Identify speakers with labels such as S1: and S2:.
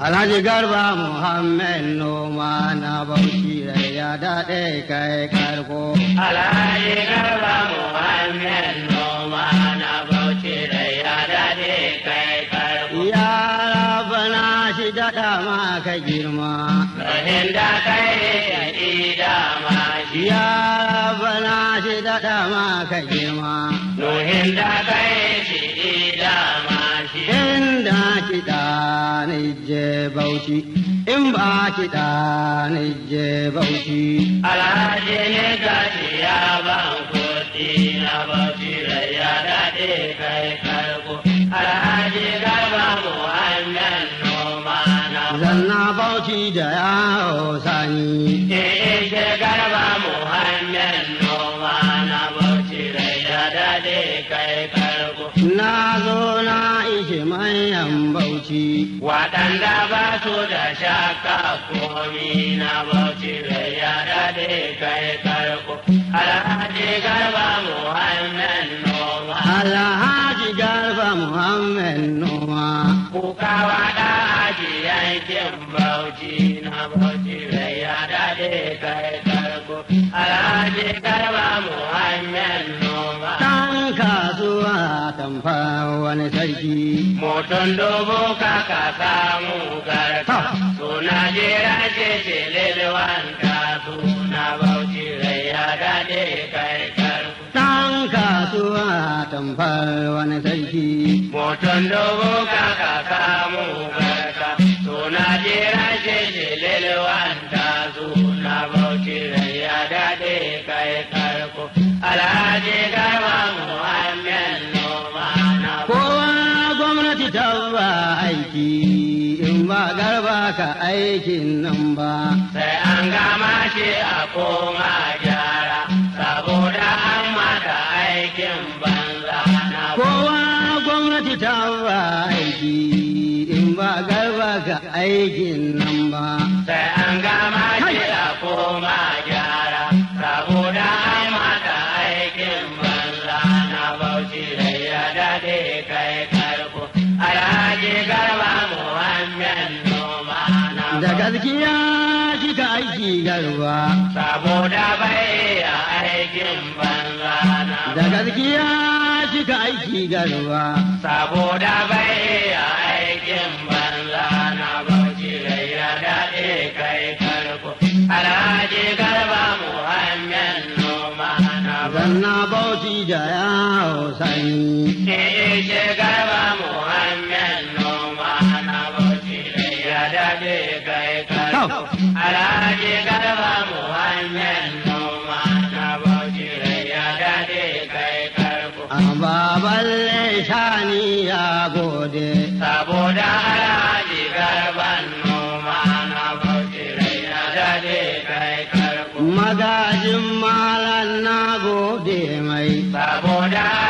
S1: Alhaji Garba Muhammad noma na bauchi da ya daɗe kai karko. Alhaji Garba Muhammad noma
S2: na bauchi da ya daɗe kai
S1: karko. Ya rabana shi daɗa ma ka girma. Rahin da kai ne da ma shi. Ya rabana shi daɗa ma ka girma. Nuhin da kai
S2: shi da ma.
S1: inda kiɗa ni je bauchi in ba kiɗa ni je bauchi. Alhaji ne gashi ya ban kuɗi na bauchi da
S2: ya daɗe kai karko. Alhaji garba Muhammad
S1: noma na. Zanna bauchi da yawo sani. Eh eh garba Muhammad noma na bauchi da ya
S2: daɗe kai karko.
S1: Na zo na manyan bauchi.
S2: Wadanda ba su da shaka komi na bauchi da ya daɗe kai karko. Alhaji garba Muhammad Noma.
S1: Alhaji garba Muhammad Noma. Kuka waɗa
S2: aji yankin bauchi na bauchi da ya daɗe kai karko. Alhaji garba Muhammad Noma.
S1: atamfa wani sarki. Moton dogo kaka samu garka, suna jera ce ce lelewan
S2: kasu, na bauchi rai ya dade kai karku.
S1: Tan kasuwa atamfar wani sarki. Moton dogo kaka samu garka, suna jera ce ce lelewan kasu, na bauchi
S2: rai ya dade kai karku. Alhaji
S1: maka aikin nan ba. Sai an gama shi a koma
S2: gyara, saboda an mata aikin banza.
S1: Kowa gwamnati ta ba aiki, in ba garba ka aikin nan ba. Sai an gama shi a koma
S2: gyara, saboda an mata aikin banza na bauchi
S1: Jiki ya shiga aiki garwa. Saboda bai a
S2: aikin banza na.
S1: Da gaskiya shiga aiki garwa. Saboda bai a aikin
S2: banza na bauchi gaira daɗe kai karko. Alhaji garba Muhammad noma
S1: na. Zanna bauchi da yawo sanyi. Ne eh, shiga
S2: Alhaji garba mu hanyar noma na bauchi rai ya dade kai karko. Baballe
S1: shani ya gode. Saboda alhaji garban noma na bauchi rai ya dade kai karko. Magajin malam na gode mai. Saboda